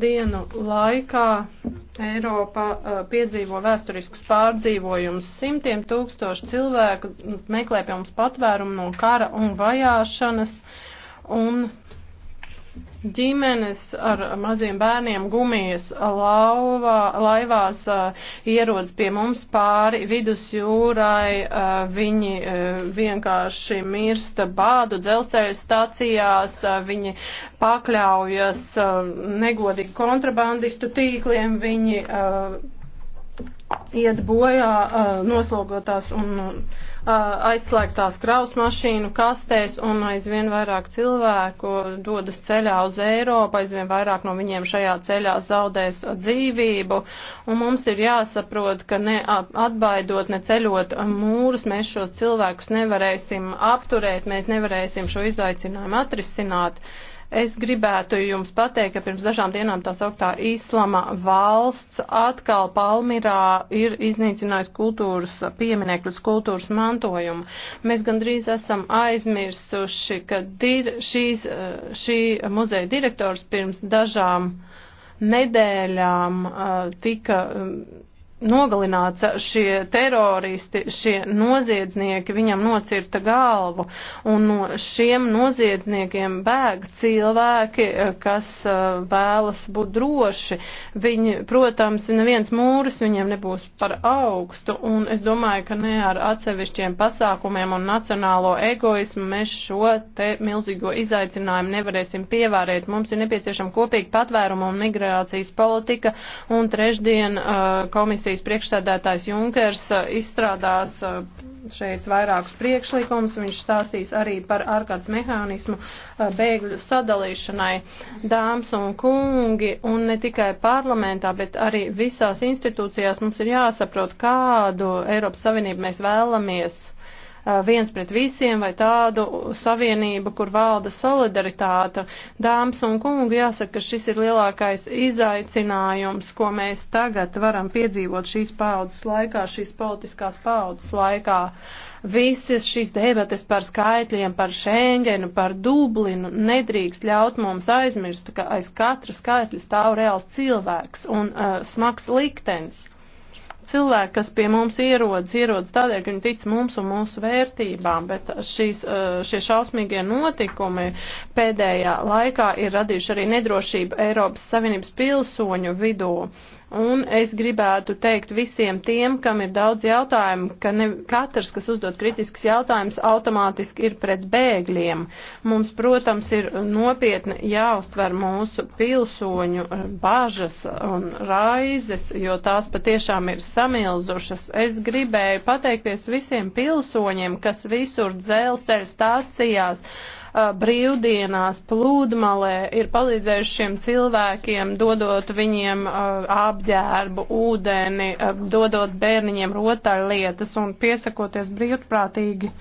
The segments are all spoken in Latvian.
dienu laikā Eiropa uh, piedzīvo vēsturiskus pārdzīvojumus. Simtiem tūkstoši cilvēku meklē pie mums patvērumu no kara un vajāšanas. Un ģimenes ar maziem bērniem gumijas lauvā, laivās uh, ierodas pie mums pāri vidusjūrai, uh, viņi uh, vienkārši mirsta bādu dzelzceļa stacijās, uh, viņi pakļaujas uh, negodīgi kontrabandistu tīkliem, viņi uh, iet bojā uh, noslogotās un uh, aizslēgtās kraus mašīnu kastēs un aizvien vairāk cilvēku dodas ceļā uz Eiropu, aizvien vairāk no viņiem šajā ceļā zaudēs dzīvību. Un mums ir jāsaprot, ka ne atbaidot, ne ceļot mūrus, mēs šos cilvēkus nevarēsim apturēt, mēs nevarēsim šo izaicinājumu atrisināt. Uh, Es gribētu jums pateikt, ka pirms dažām dienām tā sauktā Īslama valsts atkal Palmirā ir iznīcinājusi kultūras pieminekļus, kultūras mantojumu. Mēs gandrīz esam aizmirsuši, ka dir, šīs, šī muzeja direktors pirms dažām nedēļām tika nogalināts šie teroristi, šie noziedznieki, viņam nocirta galvu, un no šiem noziedzniekiem bēg cilvēki, kas eh, vēlas būt droši. Viņi, protams, neviens mūris viņiem nebūs par augstu, un es domāju, ka ne ar atsevišķiem pasākumiem un nacionālo egoismu mēs šo te milzīgo izaicinājumu nevarēsim pievērēt. Mums ir nepieciešama kopīga patvēruma un migrācijas politika, un trešdien uh, komisija komisijas priekšsēdētājs Junkers uh, izstrādās uh, šeit vairākus priekšlikumus. Viņš stāstīs arī par ārkārtas mehānismu uh, bēgļu sadalīšanai dāmas un kungi. Un ne tikai parlamentā, bet arī visās institūcijās mums ir jāsaprot, kādu Eiropas Savienību mēs vēlamies viens pret visiem vai tādu savienību, kur valda solidaritāte. Dāmas un kungi, jāsaka, ka šis ir lielākais izaicinājums, ko mēs tagad varam piedzīvot šīs paudzes laikā, šīs politiskās paudzes laikā. Visas šīs debates par skaitļiem, par Schengenu, par Dublinu nedrīkst ļaut mums aizmirst, ka aiz katra skaitļa stāv reāls cilvēks un uh, smags liktenis cilvēki, kas pie mums ierodas, ierodas tādēļ, ka viņi tic mums un mūsu vērtībām, bet šīs, uh, šie šausmīgie notikumi pēdējā laikā ir radījuši arī nedrošību Eiropas Savienības pilsoņu vidū. Un es gribētu teikt visiem tiem, kam ir daudz jautājumu, ka ne katrs, kas uzdod kritisks jautājums, automātiski ir pret bēgļiem. Mums, protams, ir nopietni jāuztver mūsu pilsoņu eh, bažas un raizes, jo tās patiešām ir samilzušas. Es gribēju pateikties visiem pilsoņiem, kas visur dzelzceļa stācijās, brīvdienās plūdmalē ir palīdzējuši šiem cilvēkiem, dodot viņiem apģērbu, ūdeni, dodot bērniņiem rotaļlietas un piesakoties brīvprātīgi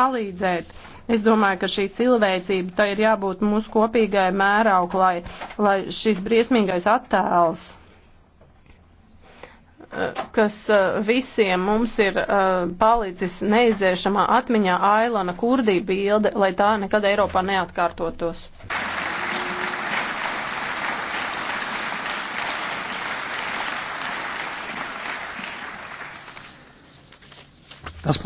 palīdzēt. Es domāju, ka šī cilvēcība, tai ir jābūt mūsu kopīgai mērauklai, lai šis briesmīgais attēls kas eh, visiem mums ir eh, palicis neizdzēšamā atmiņā Ailana Kurdī bilde, lai tā nekad Eiropā neatkārtotos. Tas